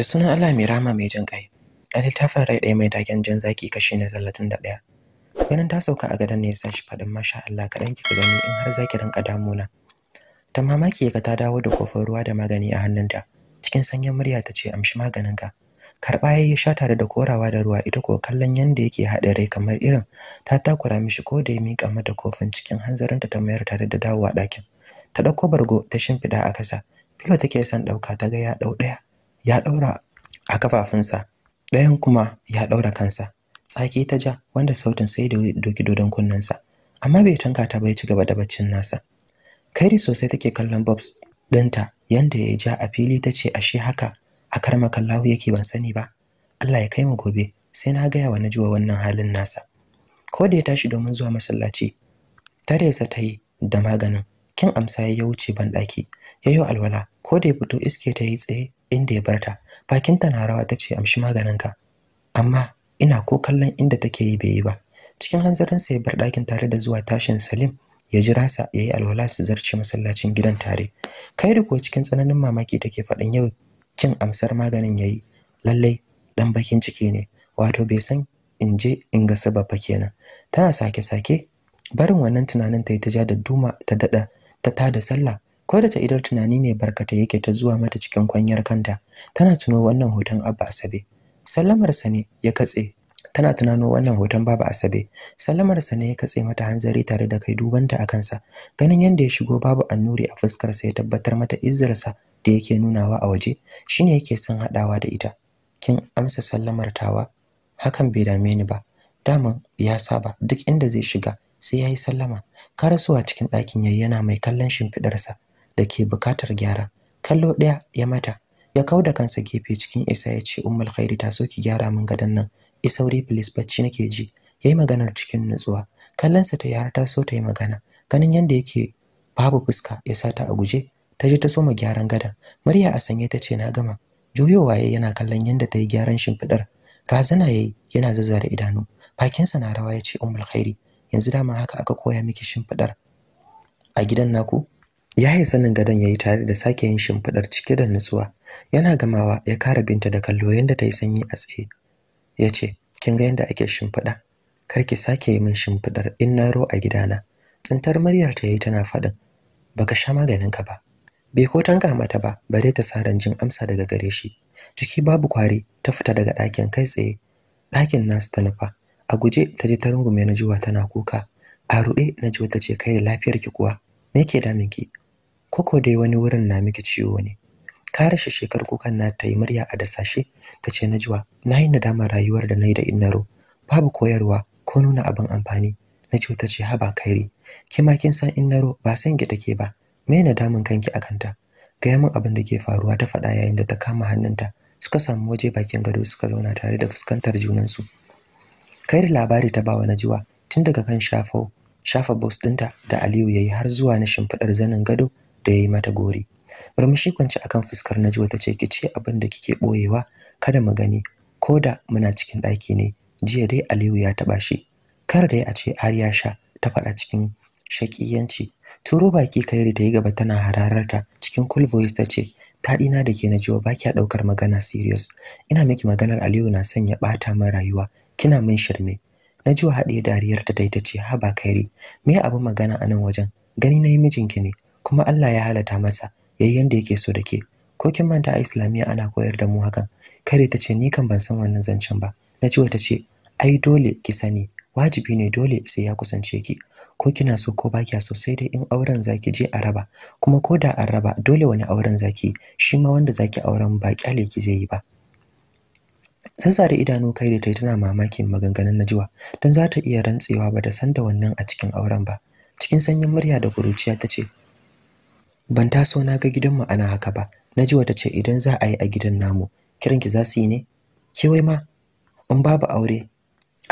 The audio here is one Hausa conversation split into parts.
da sunan Allah mai rama mai jin kai a littafin rai ɗaya mai dagen jan zaki kashi na talatin da ɗaya ganin ta sauka a gadon ne san shi faɗin masha Allah kaɗan kika gani in har zaki damu na." ta mamaki ka ta dawo da kofar ruwa da magani a hannunta cikin sanyin murya ta ce amshi maganinka karɓa ya yi sha tare da korawa da ruwa ita ko kallon yadda yake haɗa rai kamar irin ta takura mishi ko da ya miƙa mata kofin cikin hanzarinta ta mayar tare da a ɗakin ta ɗauko bargo ta shimfiɗa a kasa. filo take son ɗauka ta ga ya ɗau ɗaya ya ɗaura a kafafunsa ɗayan kuma ya ɗaura kansa tsaki ta ja wanda sautin sai da doki dodon kunnensa amma bai tanka ta bai ci gaba da baccin nasa kairi sosai take kallon bobs ɗinta yanda ya ja a fili ta ce ashe haka a karma lahu yake ban sani ba Allah ya kai mu gobe sai na gaya wa na jiwa wannan halin nasa ko da ya tashi domin zuwa masallaci tare sa ta yi da maganin kin amsa ya wuce ban ya yi alwala ko da ya fito iske ta yi tsaye inda ya barta bakinta na rawa tace amshi maganin ka?" amma ina ko kallon inda take yi bai yi ba cikin hanzarinsa ya bar ɗakin tare da zuwa tashin Salim ya jira sa ya yi alwala su zarce masallacin gidan tare Kai da ko cikin tsananin mamaki take faɗin yau kin amsar maganin yayi lallai ɗan bakin ciki ne wato bai san in je in ga sababa fa kenan tana sake sake barin wannan tunanin ta yi ta ja da duma ta dada ta tada sallah ko da ta idar tunani ne barkata yake ta zuwa mata cikin kwanyar kanta tana tuno wannan hoton abba asabe Sallamar sa ne ya katse tana tunano wannan hoton baba asabe Sallamar sa ne ya katse mata hanzari tare da kai dubanta a kansa ganin yadda ya shigo babu annuri a fuskarsa ya tabbatar mata izzarsa da yake nunawa a waje shine yake son hadawa da ita kin amsa sallamar tawa hakan bai dame ni ba Dama ya saba duk inda zai shiga sai yayi sallama karasuwa cikin ɗakin yayi yana mai kallon shimfidarsa da ke bukatar gyara kallo ɗaya ya mata ya kau da kansa gefe cikin isa ya ce ummul khairi ta so ki gyara min gadon nan isauri please bacci nake ji yayi maganar cikin nutsuwa kallonsa ta yara ta so ta yi magana ganin yanda yake babu fuska ya sa ta a guje ta je ta soma gyaran gadon murya a sanye ta ce na gama juyowa yayi yana kallon yanda ta yi gyaran shimfidar razana yayi yana zazzare idanu bakinsa na rawa ya ce ummul khairi yanzu dama haka aka koya miki shimfidar a gidan naku ya yi sanin gadon ya yi tare da sake yin shimfiɗar cike da nutsuwa yana gamawa ya kara binta da kallo yadda ta yi sanyi a tsaye ya ce kin ga yadda ake shimfiɗa kar ki sake yi min shimfiɗar in na ro a gidana tsintar muryar ta yi tana faɗin baka sha maganin ka ba bai ko tanka mata ba bare ta saran jin amsa daga gare shi jiki babu kwari ta fita daga ɗakin kai tsaye ɗakin nasu ta nufa a guje ta je ta rungume na jiwa tana kuka a ruɗe na ji ta ce kai da lafiyar ki kuwa me ke damin ki koko dai wani wurin na miki ciwo ne ka rashe shekar kukan na ta yi murya a dasashe ta ce najwa na yi nadamar rayuwar da na yi da innaro babu koyarwa ko nuna abin amfani najwa ta ce haba kairi ki ma kin san innaro ba san ki take ba me nadamin kanki akan ta gaya min abin da ke faruwa ta faɗa yayin da ta kama hannunta suka samu waje bakin gado suka zauna tare da fuskantar junansu kairi labari ta bawa najwa tun daga kan shafo shafa bos dinta da Aliyu yayi har zuwa na shimfidar zanin gado da ya yi mata gori murmushi kwance akan fuskar Najwa tace kice abin da kike ɓoyewa. kada mu gani da muna cikin ɗaki ne jiya dai Aliyu ya taba shi kar dai a ce har ya sha ta faɗa cikin shakiyanci turo baki kairi ta yi gaba tana hararta cikin cool voice tace taɗina da ke Najwa ba kya ɗaukar magana serious ina miki maganar Aliyu na son ya ɓata min rayuwa kina min shirme Najwa haɗiye dariyarta ta tace haba kairi me abin magana a nan wajen gani na yi mijinki ne kuma Allah ya halatta masa yayi yanda yake so da ke ko kin manta a islamiyya ana koyar da mu hakan kare ta ce ni kan ban san wannan zancen ba na ce wata ce ai dole ki sani wajibi ne dole sai ya kusance ki ko kina so ko bakiya so sai dai in auren zaki je a raba kuma ko da an raba dole wani auren zaki shi ma wanda zaki auren ba kyale ki zai yi ba da idanu kai da tai tana mamakin maganganun Najwa dan za ta iya rantsewa ba ta san da wannan a cikin auren ba cikin sanyin murya da kuruciya ta ce ban taso na ga mu ana haka ba naji wata ce idan za a yi a gidan namu kiranki za su yi ne ki wai ma in babu aure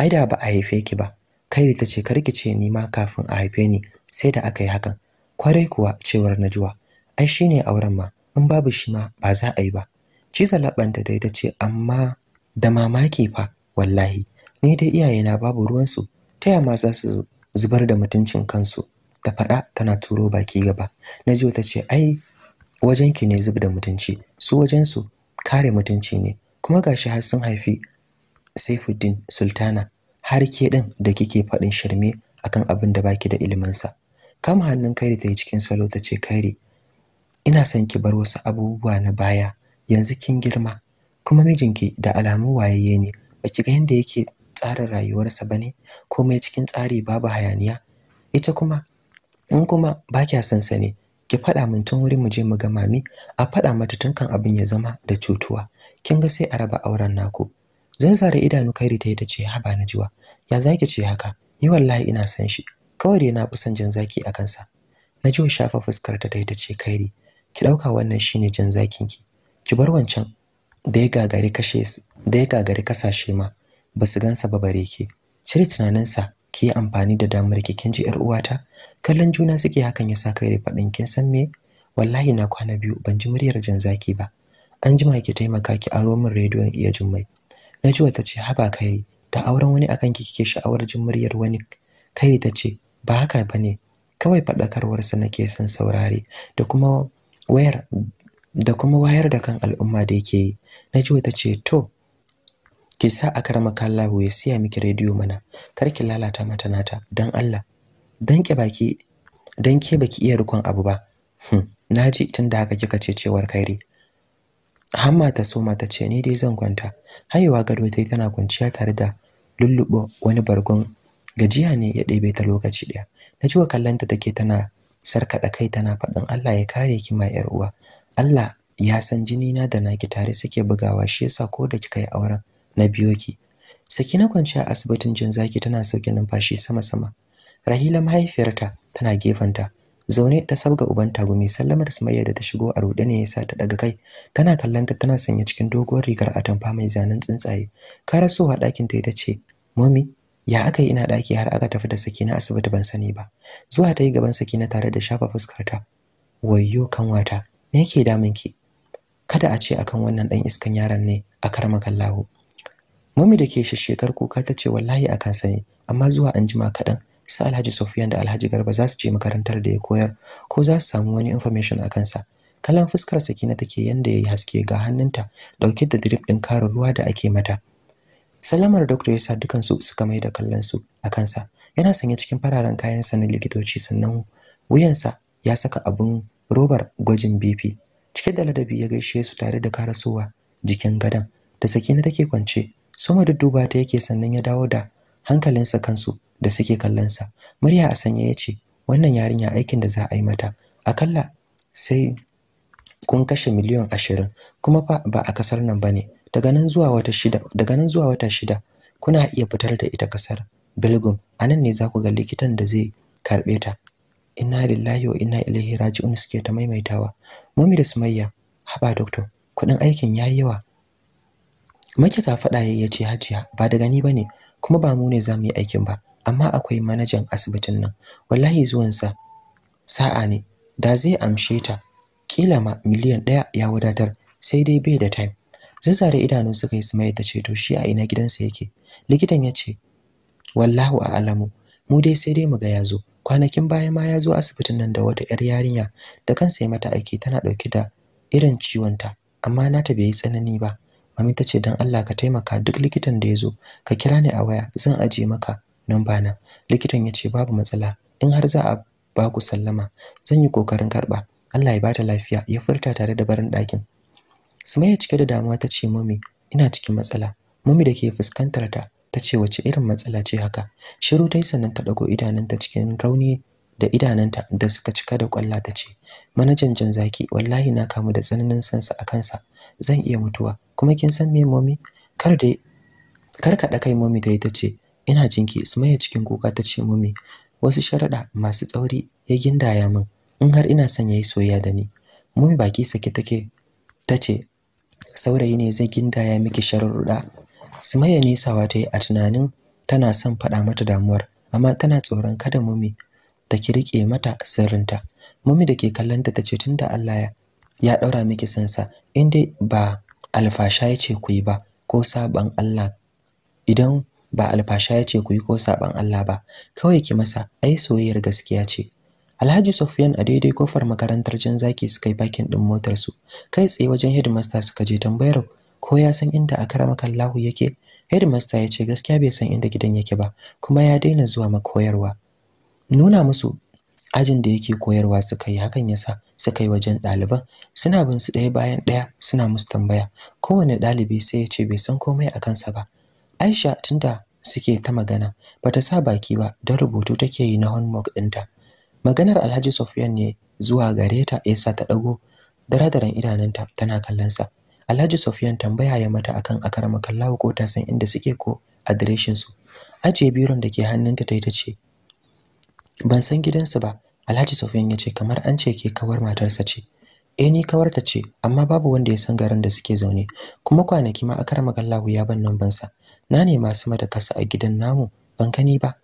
ai da ba a haife ki ba kai ta ce karki ce ni ma kafin a haife ni sai da aka yi hakan kwarai kuwa cewar najuwa ai shine auren ma in babu shi ma ba za a yi ba ciza labanta dai ta amma da mamaki fa wallahi ni dai iyayena babu ruwansu ta ma za su zubar da mutuncin kansu ta faɗa tana turo baki gaba naji ta ce ai wajenki ne zub da mutunci su wajensu kare mutunci ne kuma gashi har sun haifi Saifuddin Sultana har ke din da kike faɗin shirme akan abin da baki da ilimin sa kama hannun Kairi ta yi cikin salo ta ce Kairi ina son ki bar wasu abubuwa na baya yanzu kin girma kuma mijinki da alamu wayayye ne baki ga yanda yake tsara rayuwarsa ba bane komai cikin tsari babu hayaniya ita kuma in kuma ba kya son ki faɗa min tun wuri mu je mu ga mami a faɗa mata tun kan abin ya zama da cutuwa kin ga sai a raba auren naku zan zare idanu kai ta ta ce haba na jiwa ya zaki ce haka ni wallahi ina san shi kawai dai na fi son jan zaki a kansa na jiwa shafa fuskar ta ta yi ta ce kairi ki ɗauka wannan shine jan zakin ki ki bar wancan da ya gagari kashe da ya gagari kasashe ma ba su gansa ba bare ki cire tunaninsa ki amfani da damar ki kin ji yar uwata kallon juna suke hakan ya sa kai da fadin kin san me wallahi na kwana biyu ban ji muryar jan zaki ba an jima ki taimaka ki aro min rediyon iya jummai na ji wata ce haba kai ta auren wani akan ki kike sha'awar jin muryar wani kai ta ce ba haka bane kawai sa nake son saurare da kuma wayar da kuma wayar da kan al'umma da yake yi na ji wata ce to ki sa a karama kallahu ya siya miki rediyo mana kar ki lalata mata nata dan Allah dan ke baki dan ke baki iya rikon abu ba hmm. naji tunda haka kika ce cewar kairi hamma ta so mata ce ni dai zan kwanta haiwa gado tai tana kwanciya tare da lullubo wani bargon gajiya ne ya ɗebe ta lokaci ɗaya na ji wa kallanta take tana sarkaɗa kai tana faɗin Allah ya kare ki mai yar uwa Allah ya san jini na da naki tare suke bugawa shi yasa ko da kika yi auren na biyo ki na kwanciya a asibitin jin zaki tana sauke numfashi sama sama rahila mahaifiyarta tana gefanta zaune ta sabga uban tagumi sallamar sumayya da ta shigo a rude ne yasa ta daga kai tana kallon ta tana sanya cikin doguwar rigar atamfa mai zanen tsuntsaye ka karasowa ɗakin ta ita ce mami ya aka yi ina ɗaki har aka tafi da sakina asibiti ban sani ba zuwa ta yi gaban na tare da shafa fuskarta wayyo kanwata me yake damun ki kada a ce akan wannan dan iskan yaron ne a karmakan lahu Mummy da ke shishshekar kuka ta ce wallahi a kan ne, amma zuwa anjima jima kaɗan su Alhaji Sofiyan da Alhaji Garba za su je makarantar da ya koyar ko za su samu wani information a kansa. Kalan fuskar Sakina take yanda yayi haske ga hannunta dauke da drip din karin ruwa da ake mata. Salamar doctor ya sa su suka mai da kallon su a kansa. Yana sanye cikin fararen kayan sa na likitoci sannan wuyansa ya saka abun robar gwajin BP. Cike da ladabi ya gaishe su tare da karasowa jikin gadan da Sakina take kwance sama da duba ta yake sannan ya dawo da hankalinsa kansu da suke kallonsa murya a sanya ya ce wannan yarinya aikin da za a yi mata akalla sai kun kashe miliyan ashirin kuma fa ba a kasar nan ba ne daga nan zuwa wata shida kuna iya fitar da ita kasar Belgium a nan ne za ku ga likitan da zai karɓe ta inna lillahi wa inna ilaihi raji'un suke ta maimaitawa mami da sumayya haba doctor Kudin aikin yayi yawa Maki ka faɗa ya ce Hajiya ba daga ni bane kuma ba mu ne za mu yi aikin ba amma akwai manajan asibitin nan wallahi zuwansa sa'a ne da zai amshe ta kila ma miliyan ɗaya ya wadatar sai dai bai da time zazzare idanu suka yi sumai ta ce to shi a ina gidansa yake likitan ya ce wallahu a alamu mu dai sai dai mu ga ya zo kwanakin baya ma ya zo asibitin nan da wata yar yarinya da kansa ya mata aiki tana ɗauke da irin ciwon ta amma nata bai yi tsanani ba mami ta ce don Allah ka taimaka duk likitan da ya zo ka kira ni a waya zan aje maka namba na likitan ya ce babu matsala in har za a ba ku sallama zan yi kokarin karba Allah ya bata lafiya ya furta tare da barin ɗakin Sumayya cike da damuwa ta ce mami ina cikin matsala mami da ke fuskantar ta ta ce wace irin matsala ce haka shiru yi sannan ta dago idanunta cikin rauni da idananta da suka cika da kwalla ta ce manajan jan zaki wallahi na kamu da tsananin sansa a kansa zan iya mutuwa kuma kin san me mommy kar da kar kai mommy ta ce ina jinki ismaya cikin kuka ta ce mommy wasu sharada masu tsauri ya gindaya min in har ina son yayi soyayya da ni momi baki sake take tace saurayi ne zai gindaya miki sharuruda Sumayya ne sawa ta yi a tunanin tana son faɗa mata damuwar amma tana tsoron kada momi ta kirke mata sirrinta mummy da ke kallanta tace tunda Allah ya ya daura miki sansa inde ba alfasha yace ku yi ba ko saban Allah idan ba alfasha yace ku yi ko saban Allah ba kawai ki masa ai soyayyar gaskiya ce Alhaji Sofyan a daidai kofar makarantar Jan Zaki suka yi bakin din motar su kai tsaye wajen headmaster suka je tambayar ko ya san inda akramaka Kallahu yake headmaster ya ce gaskiya bai san inda gidan yake ba kuma ya daina zuwa makoyarwa nuna musu ajin da yake koyarwa suka yi hakan yasa suka yi wajen ɗaliban suna bin su ɗaya bayan ɗaya suna musu tambaya kowane ɗalibi sai ya ce bai san komai a kansa ba aisha tunda suke ta magana bata sa baki ba don rubutu take yi na homework ɗinta maganar alhaji sofiyan ne zuwa gare ta yasa ta ɗago daradaran idanunta tana kallonsa. alhaji sofyan tambaya ya mata akan akarama kallawa ko ta san inda suke ko adireshinsu. ajiye biron da ke hannunta ta yi ta ce ban san gidansu ba Alhaji Sofiyan ya ce kamar an ce ke kawar matarsa ce E, ni kawar ta ce amma babu wanda ya san garin da suke zaune kuma kwanaki ma akar magallahu ya ban nan bansa na ne masu mada kasa a gidan namu ban gani ba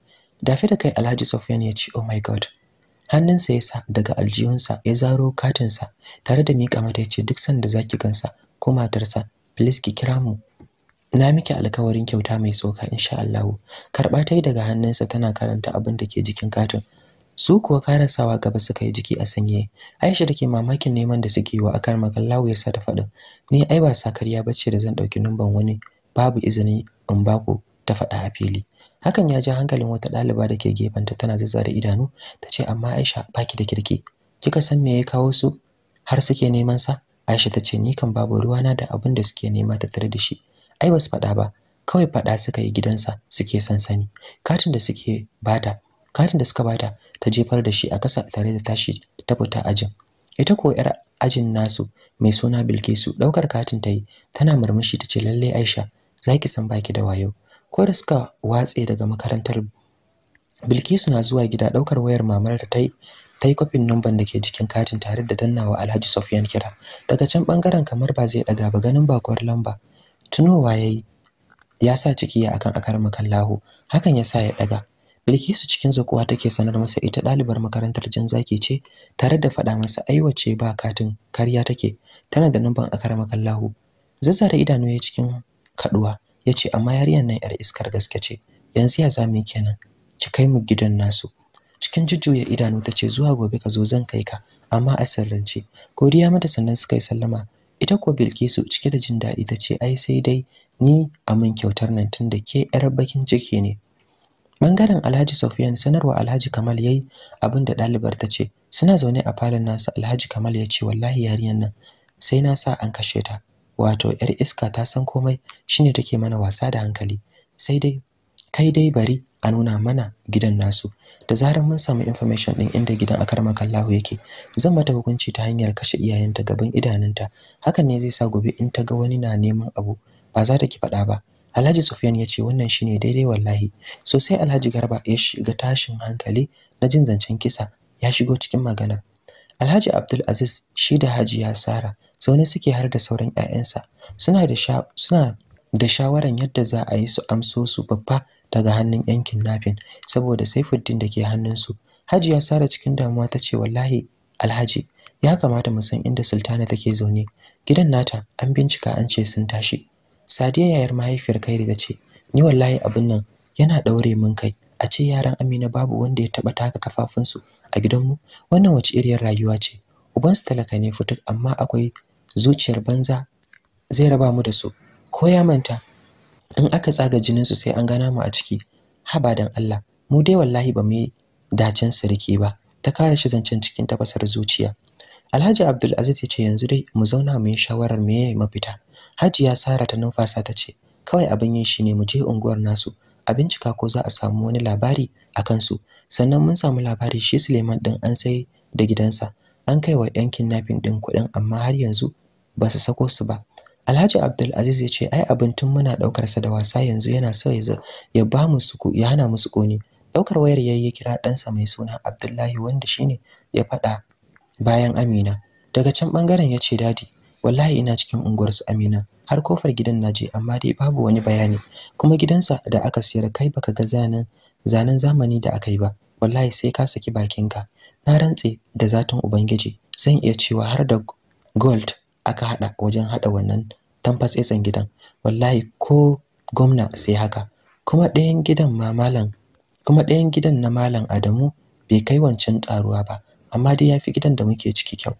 dafe da kai Alhaji Sofiyan ya ce oh my god hannunsa ya sa daga aljihunsa ya zaro katinsa tare da miƙa mata ya ce duk sanda zaki gansa ko matarsa please ki kira mu na miki alkawarin kyauta mai tsoka insha Allah karba tai daga hannunsa tana karanta abin da ke jikin katin su kuwa karasawa gaba suka yi jiki a sanye Aisha take mamakin neman da suke wa akan magallawo yasa ta faɗa ni ai ba sakariya bace da zan dauki numban wani babu izini in bako ta faɗa a fili hakan ya ji hankalin wata ɗaliba da ke gefenta tana zazzare idanu ta ce amma Aisha baki da kirki kika san me ya kawo su har suke neman sa Aisha ta ce ni kan babu ruwana da abin da suke nema ta tare da shi ai ba su faɗa ba kawai faɗa suka yi gidansa suke sansani katin da suke bada katin da suka bata ta jefar da shi a ƙasa tare da tashi ta fita ajin ita ko yar ajin nasu mai suna Bilkisu ɗaukar katin ta yi tana murmushi ta ce lallai Aisha zaki san baki da wayo ko da suka watse daga makarantar Bilkisu na zuwa gida ɗaukar wayar mamar ta tai tai kofin numban da ke jikin katin tare da dannawa Alhaji Sofyan kira daga can bangaren kamar ba zai ɗaga ba ganin bakwar lamba tunowa yayi ya sa ciki ya akan akar makallahu hakan ya sa ya daga Bilkisu cikin zakuwa take sanar masa ita ɗalibar makarantar Jan Zaki ce tare da faɗa masa aiwace ba katin kariya take tana da numban akar makallahu zazzare idanu ya cikin kaduwa yace amma yariyan nan yar iskar gaske ce yanzu ya zame kenan ki kai mu gidan nasu cikin jujjuya idanu tace zuwa gobe ka zo zan kai ka amma a sirrance godiya mata sannan suka yi sallama ita ko Bilkisu cike da jin daɗi ta ce ai sai dai ni a min kyautar nan tun da ke yar bakin ciki ne bangaren Alhaji sofiyan sanarwa Alhaji Kamal yayi abinda ɗalibar ta ce suna zaune a falon nasa Alhaji Kamal ya ce wallahi yarinyar nan sai na sa an kashe ta wato yar iska ta san komai shine take mana wasa da hankali sai dai kai dai bari a nuna mana gidan nasu da zarar mun samu information din inda gidan akar makallahu yake zan mata hukunci ta hanyar kashe iyayenta gaban idanunta hakan ne zai sa gobe in ta ga wani na neman abu ba za ta ki faɗa ba Alhaji Sufyan ya ce wannan shine daidai wallahi sosai Alhaji Garba ya shiga tashin hankali na jin zancen kisa ya shigo cikin magana. Alhaji Abdul Aziz shi da Haji ya Sara zaune suke har da sauran ƴaƴansa suna da suna da shawaran yadda za a yi su amso su babba daga hannun ƴan kidnapping saboda Saifuddin da ke hannunsu Hajiya Sara cikin damuwa ta ce wallahi Alhaji ya kamata mu san inda Sultana take zaune gidan nata an bincika an ce sun tashi Sadiya yayar mahaifiyar Kairi ta ce ni wallahi abin nan yana daure mun kai a ce yaran Amina babu wanda ya taba taka kafafunsu a gidanmu wannan wace iriyar rayuwa ce ubansu talaka ne futuk amma akwai zuciyar banza zai raba mu da su ko ya manta in aka tsaga jinin su sai an gana mu a ciki haba dan Allah mu dai wallahi ba mu dacin sirki ba ta kare shi zancen cikin tafasar zuciya Alhaji Abdul Aziz ya ce yanzu dai mu zauna mu yi shawarar me yayi mafita Hajiya Sara ta numfasa ta ce kawai abin yin ne mu je unguwar nasu a bincika ko za a samu wani labari a kansu sannan mun samu labari shi Suleiman din an sai da gidansa an kai wa yankin nafin din kuɗin amma har yanzu ba su sako su ba Alhaji Abdul ya ce ai abin tun muna daukar sa da wasa yanzu yana so ya ya ba mu su ya hana mu su kone. Daukar wayar yayi ya kira ɗansa mai suna Abdullahi wanda shine ya faɗa bayan Amina. Daga can bangaren ya ce dadi wallahi ina cikin unguwar su Amina har kofar gidan naje amma dai babu wani bayani kuma gidansa da aka siyar kai baka ga zanen zanen zamani da aka yi ba wallahi sai ka saki bakinka na rantse da zatin ubangiji zan iya cewa har da gold aka haɗa wajen haɗa wannan tamfatsetsen gidan wallahi ko gwamna sai haka kuma ɗayan gidan ma malam kuma ɗayan gidan na malam Adamu bai kai wancan tsaruwa ba amma dai yafi gidan da muke ciki kyau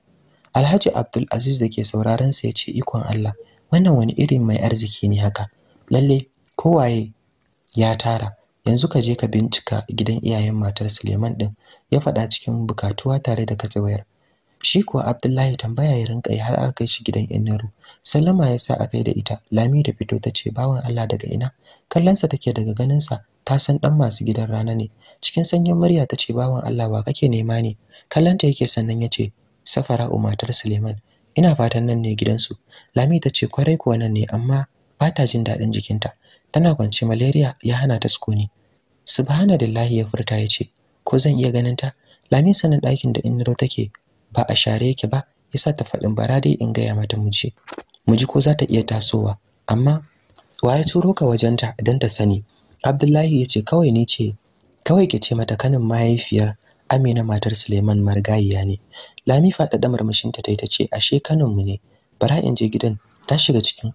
Alhaji Abdul Aziz ke sauraron sa yace ikon Allah wannan wani irin mai arziki ne haka lalle kowaye ya tara yanzu ka je ka bincika gidan iyayen matar Suleiman din ya faɗa cikin bukatuwa tare da katsewayar shi kuwa Abdullahi tambaya ya rinka har aka kai shi gidan yan Salama sallama ya sa a kai da ita lami da fito ta ce bawan Allah daga ina kallansa take daga ganinsa ta san ɗan masu gidan rana ne cikin sanyin murya ta ce bawan Allah wa kake nema ne kallanta yake sannan ya ce safara umatar Suleiman ina fatan nan ne gidansu lami ta ce kwarai kuwa nan ne amma ba ta jin daɗin jikinta tana kwance malaria ya hana ta sukuni subhanallahi ya furta ya ce ko zan iya ganin ta lami sanin ɗakin da iniro take ba a share yake ba yasa ta faɗin bara dai in gaya mata mu muji mu ji ko za ta iya tasowa amma waye turo ka wajenta don ta sani Abdullahi ya ce kawai ni ce kawai ke ce mata kanin mahaifiyar Amina matar Suleiman Margayiya ne Lami faɗaɗa marmashinta ta ta ce ashe kaninmu ne bara in je gidan ta shiga cikin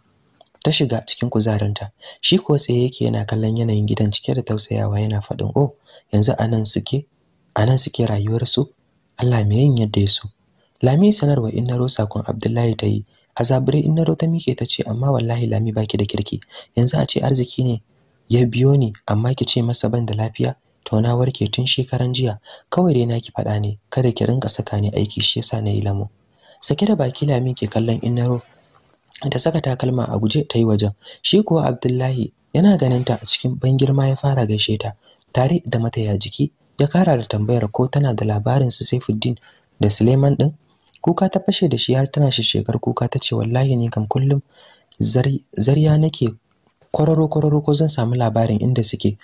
ta shiga cikin kuzarinta shi kuwa tsaye yake yana kallon yanayin gidan cike da tausayawa yana faɗin o? Oh, yanzu anan suke anan suke rayuwarsu Allah me yin yadda ya so Lami sanarwa Innaro sakon Abdullahi ta yi a zabure Innaro ta mike ta ce amma wallahi Lami baki da kirki yanzu a ce arziki ne ya biyo ni amma ki ce masa ban da lafiya to na warke tun shekaran jiya kawai dai naki faɗa ne kada ki rinka saka ni aiki shi yasa nayi yi lamo sake da baki Lami ke kallon Innaro da saka takalma a guje ta yi wajen shi kuwa Abdullahi yana ganinta a cikin ban girma ya fara gaishe ta tare da mata ya jiki ya kara da tambayar ko tana da labarin su Saifuddin da Suleiman din kuka ta fashe da shi har tana shishekar kuka ta ce wallahi ni kam kullum zariya nake kwararo kwararo ko zan samu labarin inda suke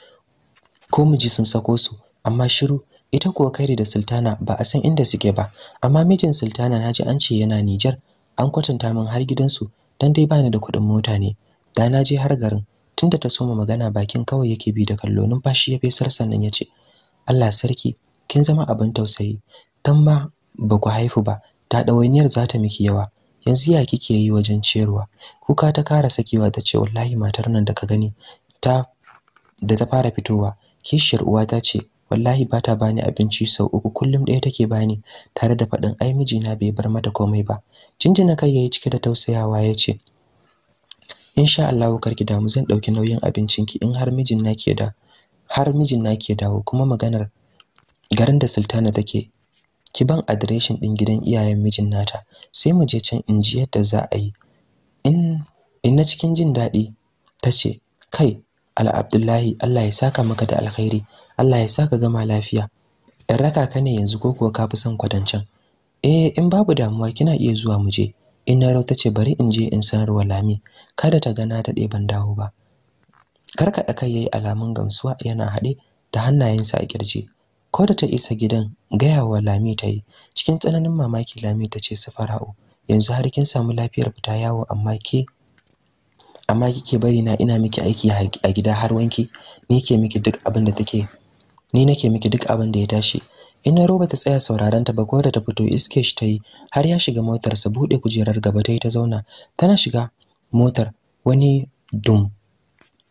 ko miji sun sako su amma shiru ita kuwa kairi da sultana ba a san inda suke ba amma mijin sultana naji an ce yana Niger an kwatanta min har gidansu dan dai bani da kuɗin mota ne da na har garin tunda ta soma magana bakin kawai yake bi da kallo numfashi ya fesar sannan ya ce Allah sarki kin zama abin tausayi dan ma ba ku haifu ba da ɗawainiyar za ta miki yawa yanzu ya kike yi wajen ciyarwa kuka ta kara sakewa ta ce wallahi matar nan da ka gani ta da ta fara fitowa kishiyar uwa ta ce wallahi ba ta bani abinci sau uku kullum ɗaya take bani tare da faɗin ai mijina bai bar mata komai ba jinjina kai yayi cike da tausayawa ya ce insha Allah kar ki damu zan ɗauki nauyin abincinki in har mijin nake da har mijin na ke dawo kuma maganar garin da sultana take ki ban adireshin din gidan iyayen mijin nata sai mu je can in ji yadda za a yi in ina cikin jin daɗi ta ce kai Al'Abdullahi, abdullahi allah ya saka maka da alkhairi allah ya saka gama lafiya in raka ka ne yanzu ko kuwa ka fi son kwadancan eh in babu damuwa kina iya zuwa mu je in na ta ce bari in je in sanarwa lami kada ta gana daɗe ban dawo ba karkaɗa kai yayi alamun gamsuwa yana haɗe da hannayensa a kirji ko da ta isa gidan gayawa lami ta yi cikin tsananin mamaki lami ta ce su fara'u yanzu har kin samu lafiyar fita yawo amma ke amma kike bari na ina miki aiki a gida har wanki ni ke miki duk abin da take ni nake miki duk abin da ya tashi in roba ta tsaya sauraron ta ba ko da ta fito iske shi ta yi har ya shiga motar sa bude kujerar gaba ta yi ta zauna tana shiga motar wani dum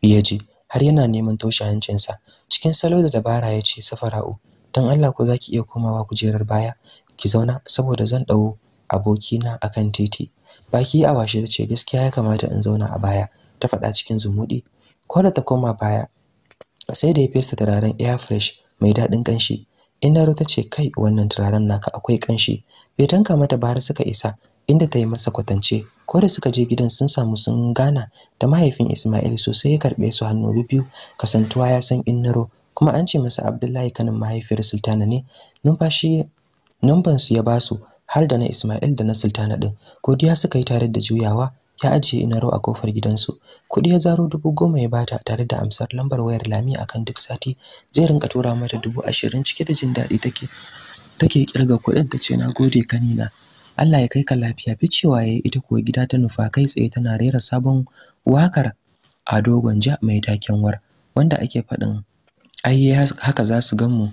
ya je har yana neman toshe sa. cikin salo da dabara ya ce safara'u don allah ko za ki iya komawa kujerar baya ki zauna saboda zan dau abokina a kan titi baki a washe ta ce gaskiya ya kamata in zauna a baya ta faɗa cikin zumuɗi ko da ta koma baya sai da ya fesa turaren air fresh mai daɗin ƙanshi inaro ta ce kai wannan turaren naka akwai ƙanshi bai tanka mata bara suka isa inda ta yi masa kwatance ko da suka je gidan sun samu sun gana da mahaifin Ismail sosai ya karɓe su hannu biyu kasantuwa ya san innaro kuma an ce masa Abdullahi kanin mahaifiyar Sultana ne numfashi numban su ya basu har da na Ismail da na Sultana din godiya suka yi tare da juyawa ya ajiye inaro a kofar gidansu kuɗi ya zaro dubu goma ya bata tare da amsar lambar wayar lami akan duk sati zai rinka tura mata dubu ashirin cike da jin daɗi take take kirga kuɗin ta ce na gode kanina Allah ya kai ka lafiya ficewa yayi ita kuwa gida ta nufa kai tsaye tana rera sabon wakar Ado ja mai taken war wanda ake faɗin ai haka za su gan mu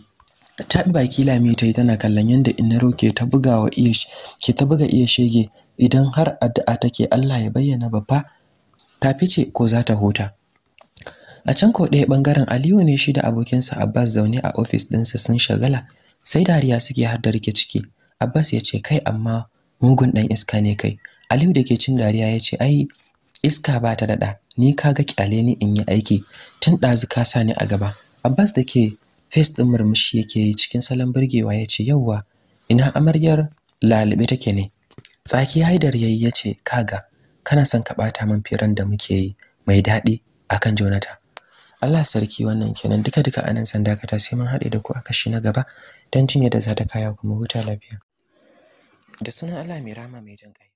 ta baki lami ta yi tana kallon yadda inaro ke ta buga wa iya ke ta buga iya shege idan har addu'a take Allah ya bayyana babba ta fice ko za ta huta a can ko ɗaya ɓangaren aliyu ne shi da abokinsa abbas zaune a ofis ɗinsa sun shagala sai dariya suke har da ciki abbas ya ce kai amma mugun ɗan iska ne kai Aliyu da ke cin dariya ya ce ai iska ba ta daɗa ni kaga kyale ni in yi aiki tun ɗazu ka sa ni a gaba Abbas da ke fes ɗin murmushi yake yi cikin salon burgewa ya ce yauwa ina amaryar lalube take ne tsaki haidar yayi ya ce kaga kana son ka ɓata min firan da muke yi mai daɗi akan jonata Allah sarki wannan kenan duka duka anan sanda ka sai mun haɗe da ku a kashi na gaba don jinya da za ta kaya kuma huta lafiya Da sunan Allah mai rahama mai jin ƙai.